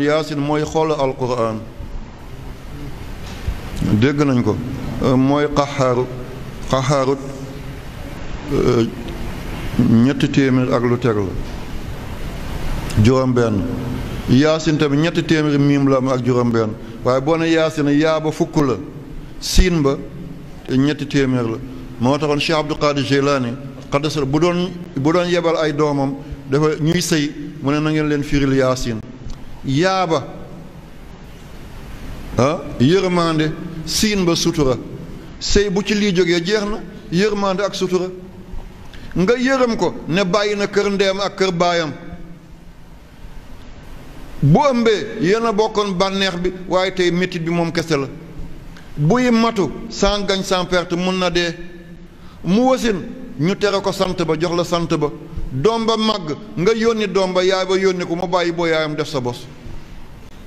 yaasin mooy xool alquran dégg nañ ko mooy qaxaaru qaxaaru euh, ñetti téeméer ak lu teg la juróom-benn yaasin tamit ñetti téeméer miim la am ak juróom-benn waaye boo ne yaasin yaa ba fukk la siin ba ñetti téeméer la moo taxoon Cheikh Abdul Qadir Jilani xaddasal bu doon bu doon yebal ay doomam dafa ñuy sëy mu ne na ngeen leen firil yaasin yaaba ha, yërmande sin ba sutura sey bu ci lii jógee jeex na ak sutura nga yërëm ko ne bàyyi na kër ndeyam ak kër baayam bu ambe, yéen a bokkoon bànneex bi waaye tey métit bi moom kese la buy matu sans gagne sans perte mun na dee mu wasin ñu tere ko sant ba jox la sant ba doom ba màgg nga yónni doom ba yaay ba yónni ko mu bàyyi boo yaayam def sa bos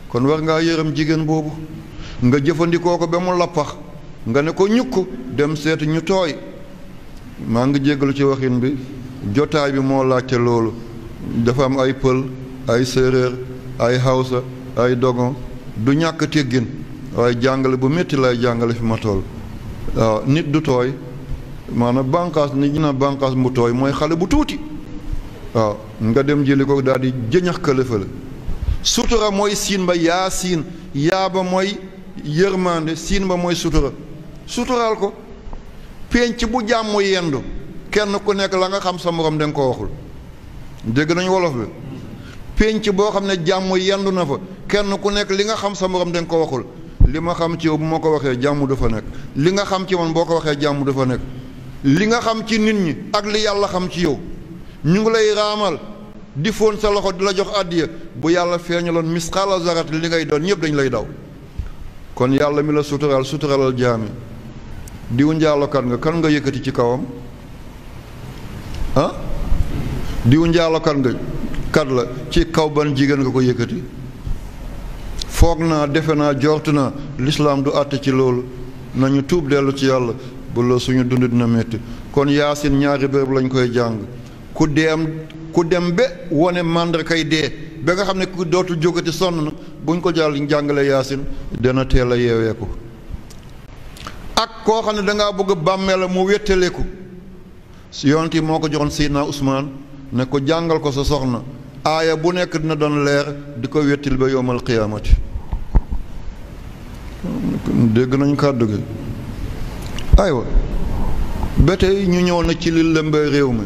kon war ngaa yërëm jigéen boobu nga jëfandikoo ko ba mu lappax nga ne ko ñukk dem seetu ñu tooy maa ngi jéggalu ci waxin bi jotaay bi moo laajte loolu dafa am ay pël ay séeréer ay hawsa ay dogon du ñàkk teggin waaye jàngale bu métti lay jàngale fi ma tool waaw nit du tooy maanaam bànqaas nit ñi na bànqaas mu tooy mooy xale bu tuuti waaw nga dem jëli ko daal di jëñax këlëfala sutura mooy siin ba yaa siin yaa ba mooy yërmande siin ba mooy sutura suturaal ko penc bu jàmm yendu kenn ku nekk la nga xam sa morom da nga ko waxul dégg nañu wolof bi penc boo xam ne jàmm yendu na fa kenn ku nekk li nga xam sa morom da nga ko waxul li ma xam ci yow bu ma ko waxee jàmm du fa nekk li nga xam ci man boo ko waxee jàmm du fa nekk li nga xam ci nit ñi ak li yàlla xam ci yow ñu ngi lay raamal di fóon sa loxo di la jox àddiya bu yàlla feeñaloon misqaala zarat li ngay doon ñëpp dañ lay daw kon yàlla mi la suturaal suturaalal jaami diw njaalokat nga kan nga yëkkati ci kawam ah diw nga kat la ci kaw ban jigéen nga ko yëkkati foog naa defe naa jort naa lislaam du àtte ci loolu nañu tuub dellu ci yàlla bu la suñu dund dina métti kon yaasin ñaari béréb lañ koy jàng ku deem ku dem ba wone màndarkay dee ba nga xam ne ku dootul jógati sonn na buñ ko jàll njàngale yaasin dana teel a yeeweeku ak koo xam ne danga bëgg bàmmeela mu wéttaleku yonent yi moo ko joxoon Seydina Ousmane ne ko jàngal ko sa soxna aaya bu nekk dina doon leer di ko wéttil ba yowmal qiyaamati dégg nañu kàddu gi aywa ba tey ñu ñëw na ci li lëmbay réew mi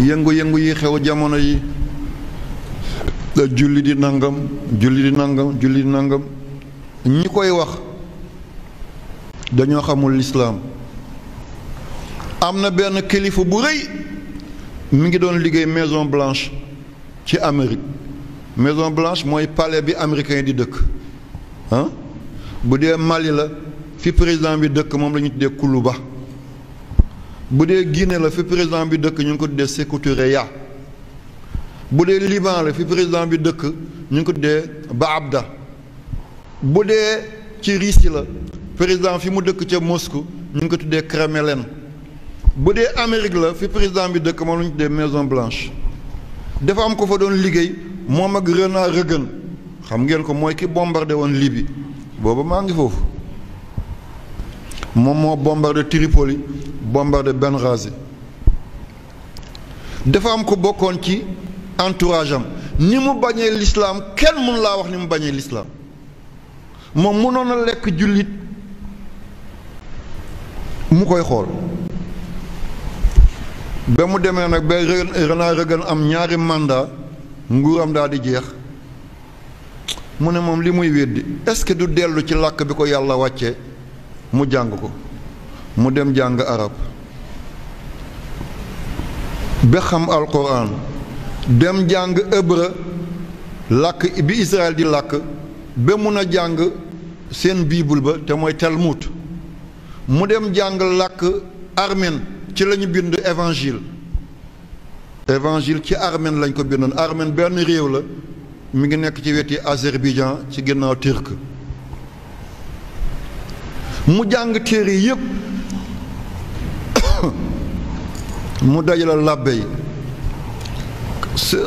yëngu-yëngu yi xew jamono yi julli di nangam julli di nangam julli di nangam ñi koy wax dañu xamul l'islam amna ben calife bu reuy mi ngi doon liggéey Maison Blanche ci Amérique Maison Blanche mooy palais bi américain di dëkk ah bu dee Mali la fi président bi dëkk moom la ñu tuddee bu Guinée la fi président bi dëkk ñu ngi ko tuddee Sékou ya bu Liban la fi président bi dëkk ñu ngi ko tuddee Baabda bu dee ci Russie la président fi mu dëkk ca Moscou ñu ngi ko tuddee Kremlin bu Amérique la fi président bi dëkk moom la ñu tuddee Maison Blanche dafa am ko fa doon liggéey moom ak Ronald Reagan xam ngeen ko mooy ki bombardé woon Libye booba maa ngi foofu moom bombardé Tripoli benn Benghazi dafa am ko bokkoon ci entourage ni mu bañee lislaam kenn mun laa wax ni mu bañee lislaam moom mënoon a lekk jullit mu koy xool ba mu demee nag ba Ronald Reagan am ñaari mandat nguuram daal di jeex mu ne moom li muy weddi est-ce que du dellu ci làkk bi ko yàlla wàcce mu jàng ko mu dem jàng arab ba xam alquran dem jàng hébreu làkk bi Israël di làkk ba mun a jàng seen bible ba te mooy Talmud mu dem jàng làkk armen ci lañu bind évangile évangile ci armen lañ ko bindoon armen benn réew la mu ngi nekk ci weti Azerbaïdjan ci ginnaaw turc mu jàng téere yépp mu dajale làbbe yi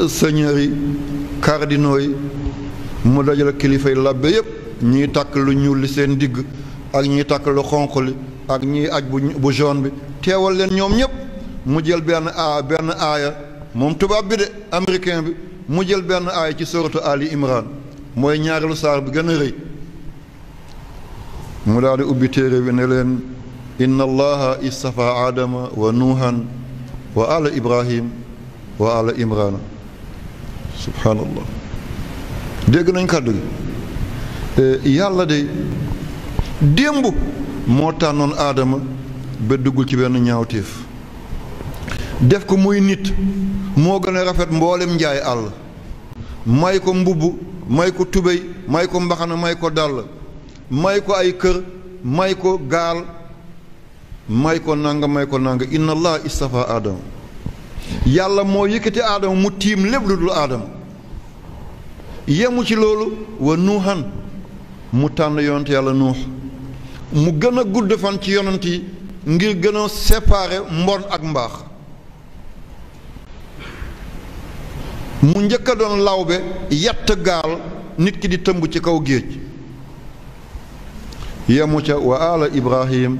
seigneurs yi cardinaux yi mu dajale kilifa yi làbbe yépp ñiy takk lu ñuul li seen digg ak ñiy takk lu xonq li ak ñiy aj bu bu bi teewal leen ñoom ñépp mu jël benn aaya moom tubaab bi de américain bi mu jël benn aaya ci suratu Ali Imran mooy ñaareelu saar bi gën a rëy mu daal di ubbi téere bi ne leen inna allaha istafa aadama wa nuuhan wa ala ibrahim wa ala imrana subhaanallah dégg nañ kàddu gi e, yàlla de démb moo tànnoon aadama ba duggul ci benn ñaawteef def ko muy nit moo gën a rafet mboolem njaay àll may ko mbubb may ko tubéy may ko mbaxana may ko dàll may ko ay kër may ko gaal may ko nanga may ko nanga inna allah istafa aadama yàlla moo yëkkati aadama mu tiim lépp lu dul aadama yemu ci loolu wa nuuxan mu tànn yonent yàlla nuux mu gën a gudd fan ci yonent yi ngir gëna a séparer mbon ak mbaax mu njëkka doon lawbe yatt gaal nit ki di tëmb ci kaw géej yemu ca wa ala ibrahim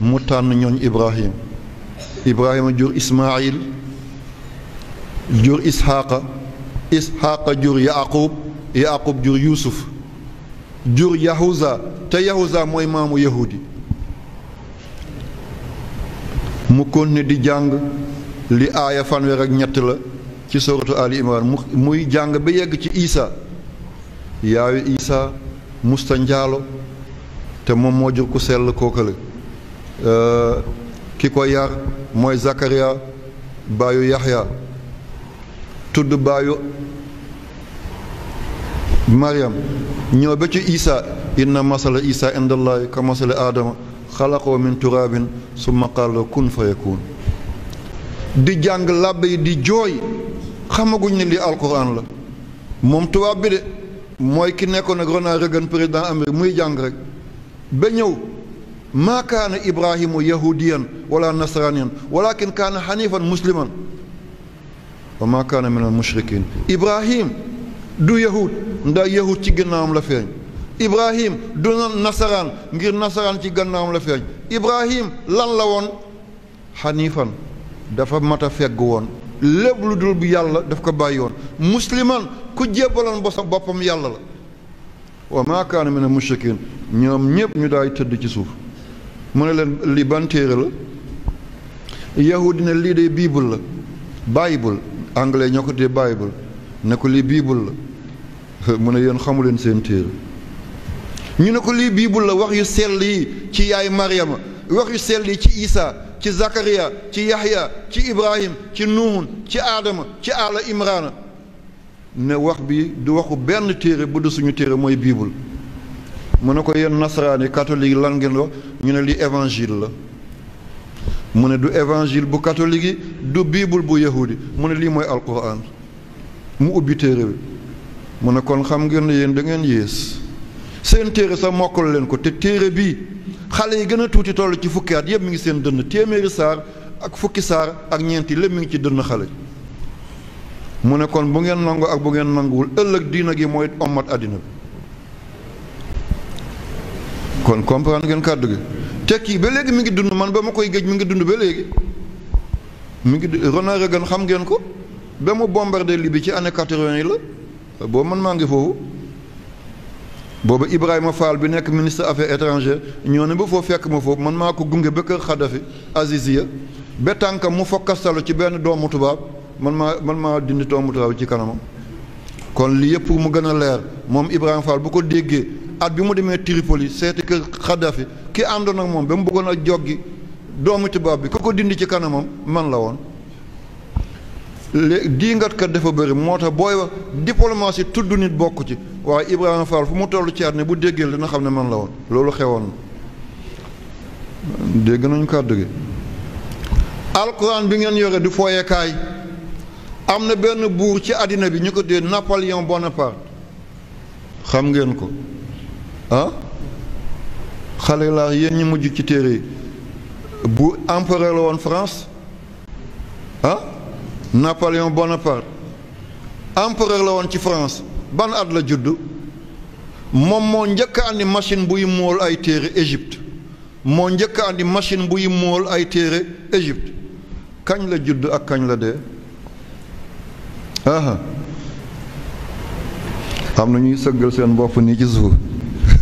mu tànn ñooñ ibrahim ibrahima jur ismail jur isxaaqa isxaaqa jur yaqub yaqub jur yuusuf jur yahuza te yahuza mooy maamu yahudi mu konne di jàng li aaya fanweer ak ñett la ci suratu ali imran muy jàng bi yegg ci isa yaayu isa musta njaalo te moom moo jur ku sell kookale Euh, ki ko yar mooy Zakaria baayu Yaxya tudd baayu Maryam ñëw ba ci Isa inna masala Isa indallahi ka masala Aadama xalaqoo min turaabin summa qaala kun fa yakun di jàng làbbe yi di jooy xamaguñ ne lii alquran la moom tubaab bi de mooy ki nekkoon ak Ronald Reagan président Amérique muy jàng rek ba ñëw maa kaana ibrahimu yahudiyan wala nasraniyan walakin kaana xanifan musliman wa maa kaana min al mushrikin ibrahim du yahud ndax yahud ci gannaawam la feeñ ibrahim nasaraan ngir nasaraan ci gannaawam la feeñ ibrahim lan la woon xanifan dafa mat a fegg woon lépp lu dul bu yàlla daf ko bàyyi woon musliman ku jébbaloon boppam yàlla la wa maa kaana min al mushrikin ñoom ñëpp ñu daay tëdd ci suuf mu ne leen li ban téere la yahudi ne lii de bible la bible anglais ñoo ko dee bible ne ko lii bible la mu ne yéen xamu leen seen téere ñu ne ko lii bible la wax yu sell yi ci yaay Mariama wax yu sell yi ci Isa ci Zakariya ci Yahya ci Ibrahim ci Nuhun ci Adama ci Ala Imrana ne wax bi du waxu benn téere bu du suñu téere mooy bible mu ne Nasrani yéen nasaraan yi catholique lan ngeen ko ñu ne li évangile la mu du évangile bu catholique du bible bu yahudi mu ne lii mooy mu ubbi téere bi mu ne kon xam ngeen ne da ngeen yées seen téere sax mokkal leen ko te téere bii xale yi gën a tuuti toll ci fukki at yëpp mi ngi seen dënn téeméeri ak fukki saar ak ñeenti lépp mi ngi ci dënn xale kon bu ngeen nangu ak bu ngeen nanguwul ëllëg diina gi mooy ommat bi kon comprendre ngeen kàddu gi ki ba légui mi ngi dund man bama koy gej mi ngi dund ba légui mi ngi Ronald Reagan xam ngeen ko ba mu bombardé Libye ci année quatre la bo man ma ngi foofu boobu Ibrahima Fall bi nek ministre affaires étrangères ñoo bu fo fekk ma fofu man mako ko gunge ba Xadafi Aziziya ba tanka mu fokkasalu ci ben doomu tubaab man maa man ma dindi doomu tubaab ci kanam kon li yëpp mu gën a leer moom Ibrahima Fall bu ko déggee at bi mu demee Tripoli seeti kër Kadhafi ki àndoon ak moom ba mu bëggoon a joggi doomu tubaab bi ku ko dindi ci kanamam man la woon léegi diingat kat dafa bëri moo tax booy wax diplomatie tudd nit bokk ci waaye Ibrahima Fall fu mu toll ci ne bu déggee dina xam ne man la woon loolu xewoon na dégg nañu kàddu gi alquran bi ngeen yore du fooyekaay am na benn buur ci àddina bi ñu ko dee Napoléon Bonaparte xam ngeen ko ah xale laa yéen ñi mujj ci téré bu empereur la France ah Napoléon Bonaparte empereur la ci France ban at la judd mom mo ñëk andi machine buy mool ay téré Égypte mo ñëk andi machine buy mool ay téré Égypte kañ la judd ak kañ la dé aha am na ñuy sëggal seen bopp ni ci suuf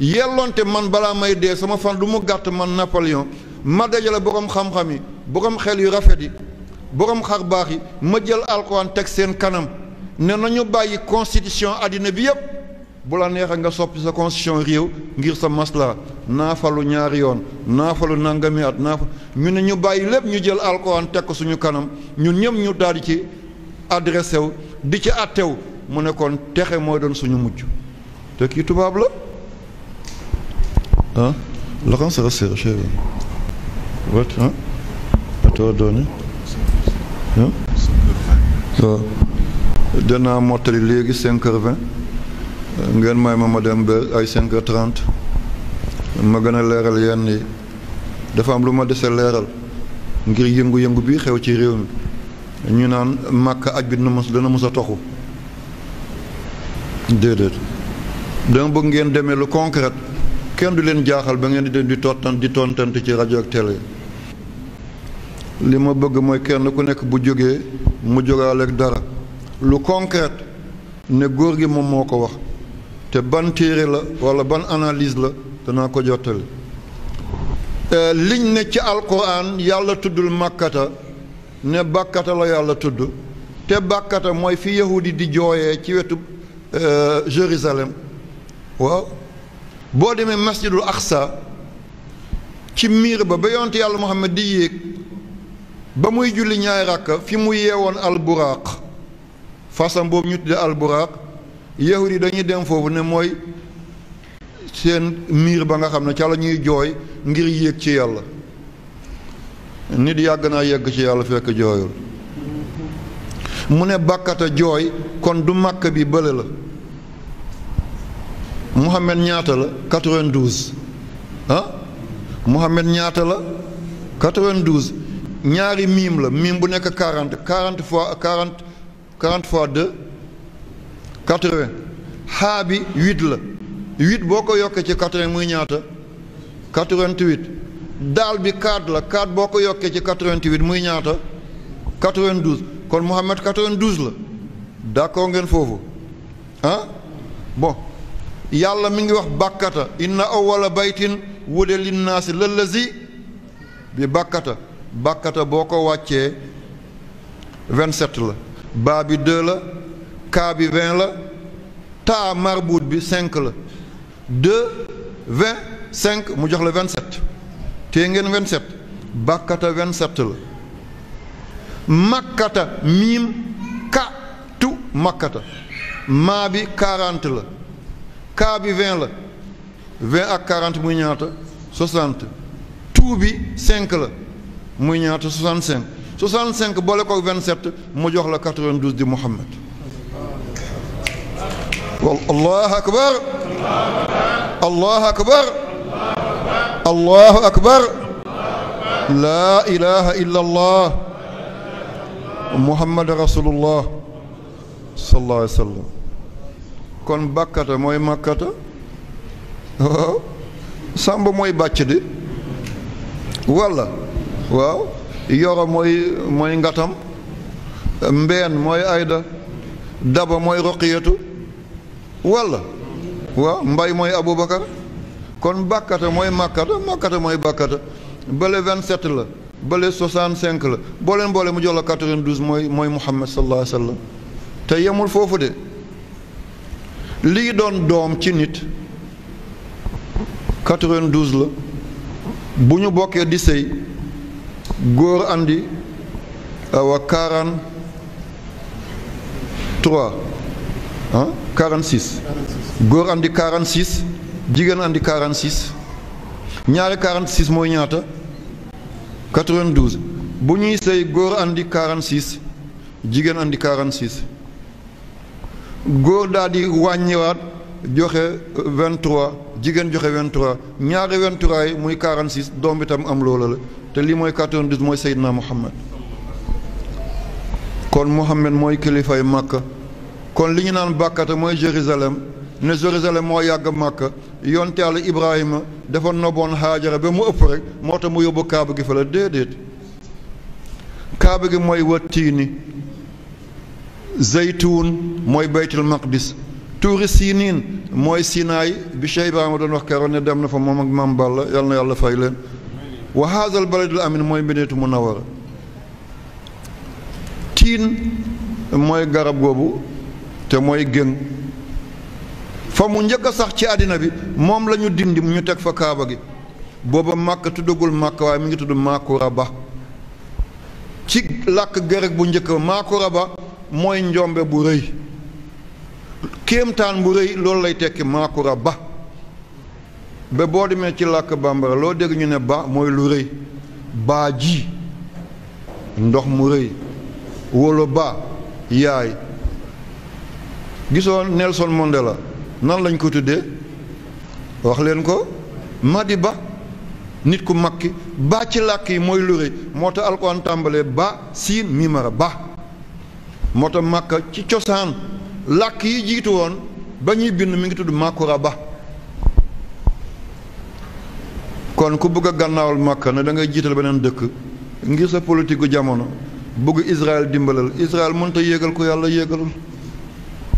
yelonté man bala may dé sama fan lu gatt man Napoléon ma dajale borom xam xami yi xel yu rafet yi xar baxi ma jël alcorane tek sen kanam né nañu bayyi constitution adina bi yëpp bu la neexee nga soppi sa constitution réew ngir sa masla naafalu ñaar yoon naafalu nangami at naafa ñu ne ñu bayyi lepp ñu jël alcorane tek suñu kanam ñun ñëpp ñu daal ci adressé di ci attew mu ne kon texe mo doon suñu mujj te kii la. 어? 라간스 갔어요, 쉐브. What? 어? 또 도니? 어? So, danaa mottali léegi 5h20 ngeen may ma ma dem ba ay 5 ma gën a leeral yenn yi dafa am lu ma dese leeral ngir yëngu-yëngu bi xew ci réew mi ñu naan màkk aj bi dina mos dana mos a toxu déedéet dama bëgg ngeen demee lu concret kenn du leen jaaxal ba ngeen di dem di tottan di tontante ci rajo ak télé li ma bëgg mooy kenn ku nekk bu jógee mu jógaale dara lu concret ne góor gi moom moo ko wax te ban téere la wala ban analise la danaa ko jottali euh, liñ ne ci alquran yàlla tuddul màkkata ne bàkkata la yàlla tudd te bàkkata mooy fi yahudi di jooyee ci wetu euh, Jérusalem waaw boo demee masjidul aksa ci miir ba ba yonte yàlla muhammad di yéeg ba muy julli ñaari ràkka fi mu yeewoon alburaaq fasam boobu ñu tudde alburaaq yahud yi dañuy dem foofu ne mooy seen miir ba nga xam ne ca la ñuy jooy ngir yéeg ci yàlla nit yàgg naa yegg ci yàlla fekk jooyul mu ne bàkkata jooy kon du màkk bi bële la Mouhamed ñaata la 92 ah Mouhamed ñaata la 92 ñaari miim la miim bu nekk 40 40 fois 40 40 fois deux 80 xaa bi 8 la 8 boo ko yokkee ci 80 muy ñaata 88 daal bi 4 la 4 boo ko yokkee ci 88 muy ñaata 92 kon Mouhamed 92 la d'accord ngeen foofu ah bon. yàlla mi ngi wax bàkkata inna awwala baytin wude linnaasi lëllazi bi bàkkata bàkkata boo ko wàccee vingt-sept la baa bi deux la kaa bi vingt la taa marbuut bi cinq la deux vingt cinq mu jox la vingt-sept tee ngeen vingt-sept bàkkata vingt-sept la makkata miim ka tu maa bi quarante la cas 20 la 20 ak 40 muy 60 tout 5 la muy ñaata 65 65 boole ko 27 mu jox la 92 دي محمد الله أكبر الله أكبر الله أكبر لا إله إلا الله محمد رسول الله صلى الله عليه وسلم kon bàkkata mooy màkkata waaw sàmba mooy bàcc di walla waaw yoro mooy mooy ngatam mbeen mooy ayda daba mooy roqiyatu walla waaw mbay mooy abubakar kon bàkkata mooy màkkata màkkata mooy bàkkata bële 27 la bële 65 la leen boole mu jox la 92 mooy mooy muhammad sallallahu alayhi wa sallam te yemul foofu de lii doon doom ci nit 92 la bu ñu bokkee di sëy góor andi awa 43 ah 46 góor andi 46 jigéen andi 46 ñaari 46 mooy ñaata 92 bu ñuy sëy góor andi 46 jigéen andi 46 góor daal di wàññiwaat joxe vingt trois jigéen joxe vingt trois ñaari vingt trois yi muy quarante six doom bi tam am loola la te lii mooy quatre-vingt douze mooy Seydina Muhammad kon Muhammad mooy kilifay Makka kon li ñu naan bàkkata mooy Jérusalem ne Jérusalem moo yàgg Makka yonte Yàlla Ibrahima dafa noboon Haajara ba mu ëpp rek moo tax mu yóbbu kaaba gi fa la déedéet kaaba gi mooy watiini zaytuun mooy baytul maqdis tuuri siiniin mooy sinaay bi Cheikh Ibrahima doon wax keroog ne dem na fa moom ak maam Balla yal na yàlla fay leen wa haazal baladul amin mooy mbineetu munawara tiin mooy garab goobu te mooy géng fa mu njëkk a sax ci àddina bi moom lañu ñu dindi mu ñu teg fa kaaba gi booba màkk tuddagul màkk waaye mi ngi tudd maakura ba ci làkk gërëg bu njëkk maakura ba mooy njombe bu rëy kéemtaan bu rëy loolu lay tekki maakura ba ba boo demee ci làkk bambara loo dégg ñu ne ba mooy lu rëy baa ji ndox mu rëy wala ba yaay gisoon Nelson la nan lañ ko tuddee waxleen ko ko ba nit ku mag ki ba ci làkk yi mooy lu rëy moo tax alxuraan tàmbalee ba siin mimara ba moo tax màkk ci cosaan làkk yi jiitu woon ba ñuy bind mi ngi tudd màkkura ba kon ku bëgg a gànnaawal màkka dangay jiital beneen dëkk ngir sa politiku jamono bëgg Israël dimbalal Israël mënta yéegal ko yàlla yéegal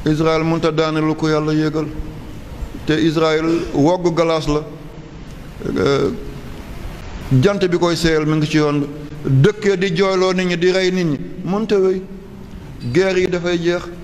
Israël mënta daanelu ko yàlla yéegal te Israël woggu galaas la jant bi koy seyal mu ngi ci yoon dëkkee di jooyloo nit ñi di rey nit ñi mënta wéy guerre yi dafay jeex